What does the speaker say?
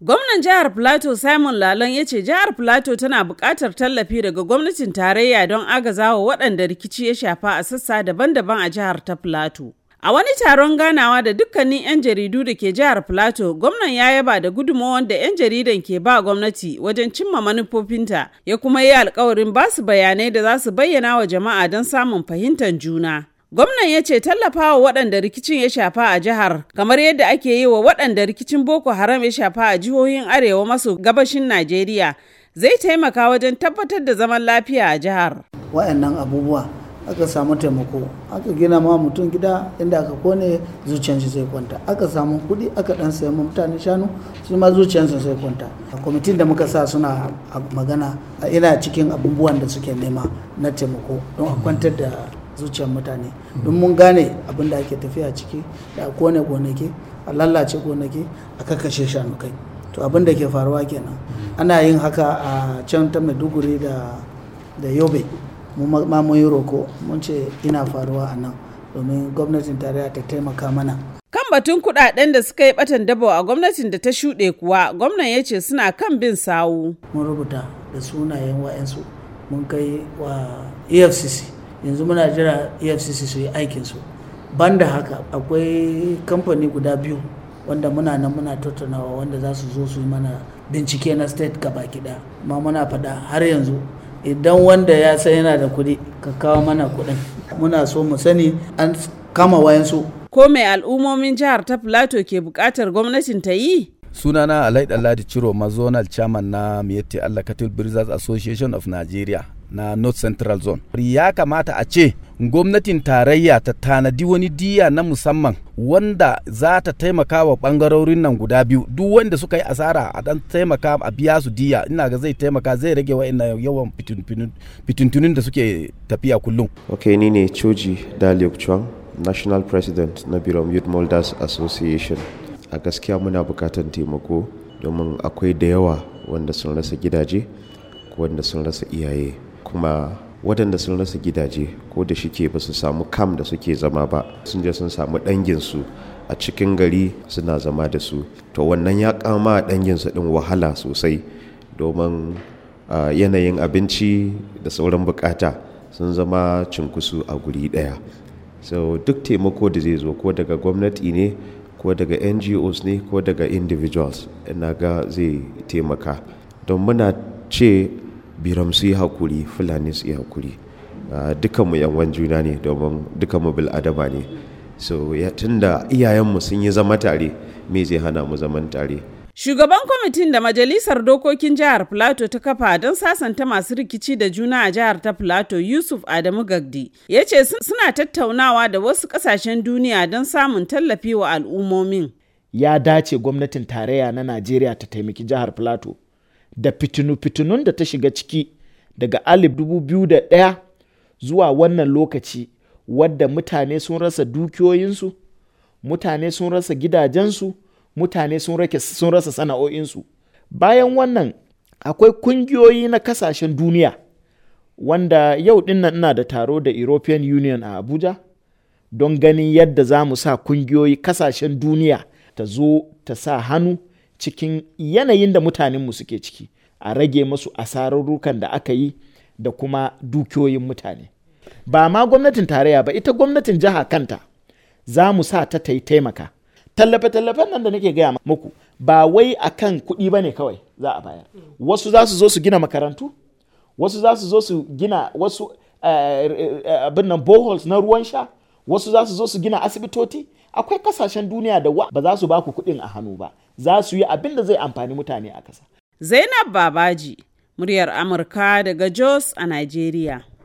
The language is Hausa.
Gwamnan jihar Plateau Simon Lalon ya ce jihar Plateau tana buƙatar tallafi daga gwamnatin tarayya don agazawa waɗanda rikici ya shafa a sassa daban-daban a jihar ta Plateau. A wani taron ganawa da dukkanin 'yan jaridu da ke jihar Plateau, gwamnan ya yaba da gudunmawar da 'yan jaridan ke ba gwamnati wajen cimma manufofinta, ya kuma yi alkawarin ba su bayanai da za su bayyana wa jama'a don samun fahimtar juna. Gwamnan ya ce tallafawa waɗanda rikicin ya shafa a jihar kamar yadda ake yi wa waɗanda rikicin Boko Haram ya shafa a jihohin Arewa maso gabashin Najeriya zai taimaka wajen tabbatar da zaman lafiya a jihar. Wa'annan abubuwa aka samu taimako aka gina ma mutum gida inda aka kone zuciyarsu sai kwanta aka samu kuɗi aka ɗan sayi mutane shanu su ma zuciyarsu sai kwanta kwamitin da muka sa suna magana ina cikin abubuwan da suke nema na taimako don a kwantar da zuciyar mutane don mun gane abin da ake tafiya ciki da a kone gonaki a lallace gonaki a kakashe shanukai to abin da ke faruwa kenan ana yin haka a can ta maiduguri da yobe ma mun yi roko mun ce ina faruwa a nan domin gwamnatin tarayya ta taimaka mana kan batun kudaden da suka yi batan dabo a gwamnatin da ta shuɗe kuwa gwamnan ya ce suna kan bin sawu mun rubuta da sunayen wa'yansu mun kai wa efcc yanzu muna jira efcc su yi aikinsu banda haka akwai kamfani guda biyu wanda muna nan muna tattaunawa wanda za su zo su yi mana bincike na state gaba ɗaya ma muna faɗa har yanzu idan wanda ya san yana da kuɗi ka kawo mana kuɗin muna so mu sani an kama wayansu ko mai al'ummomin jihar ta plateau ke buƙatar gwamnatin ta yi sunana alaiɗa Ladi ciro mazonal chairman na miyatti allah cattle breeders association of nigeria na north central zone ya kamata a ce gwamnatin tarayya ta tanadi wani diya na musamman wanda za ta taimaka wa bangarorin nan guda biyu duk wanda suka yi asara a dan taimaka a biya su diya ina ga zai taimaka zai rage wa'annan yawan fitintunin da suke tafiya kullum ok ni ne choji daliok chuang national president na birom youth molders association a gaskiya muna bukatan taimako domin akwai da yawa wanda sun rasa gidaje ko wanda sun rasa iyaye kuma waɗanda sun rasa gidaje ko da shike ba su samu kam da suke zama ba sun je sun samu ɗanginsu a cikin gari suna zama da su to wannan ya kama ɗanginsu ɗin wahala sosai domin yanayin abinci da sauran bukata sun zama cinkusu a guri ɗaya so duk taimako da zai zo ko daga gwamnati ne ko daga ngos ne ko daga individuals ina ga zai taimaka don muna ce biram su yi hakuri fulani su yi hakuri ah, dukanmu yawan juna ne domin dukanmu bil'adama ne so tun da iyayenmu sun yi zama tare me zai hana mu zaman tare Shugaban kwamitin da Majalisar Dokokin Jihar plato ta kafa don sasanta masu rikici da juna a jihar ta plato Yusuf Adamu Gagdi ya ce suna tattaunawa da wasu kasashen duniya don samun tallafi wa al'ummomin. Ya dace gwamnatin tarayya na Najeriya ta taimaki jihar Filato da fitinu-fitinun da ta shiga ciki daga alif dubu biyu da ɗaya zuwa wannan lokaci wadda mutane sun rasa dukiyoyinsu mutane sun rasa gidajensu mutane sun rasa sana'o'insu bayan wannan akwai kungiyoyi na kasashen duniya wanda yau dinnan ina da taro da european union a abuja don ganin yadda za mu sa kungiyoyi kasashen duniya ta zo ta sa hannu cikin yanayin da mutanenmu suke ciki a rage masu asararrukan da aka yi da kuma dukiyoyin mutane ba ma gwamnatin tarayya ba ita gwamnatin jiha kanta za mu sa ta taimaka tallafe-tallafen nan da nake gaya muku ba wai a kan kuɗi ba ne kawai za a bayar wasu za su zo su gina makarantu wasu za su zo su gina wasu eh, eh, eh, abin nan boholes na ruwan sha wasu za su zo su gina asibitoci akwai kasashen duniya da wa. ba za su baku kuɗin a hannu ba za su yi abin da zai amfani mutane a ƙasa. zainab babaji muryar amurka daga jos a nigeria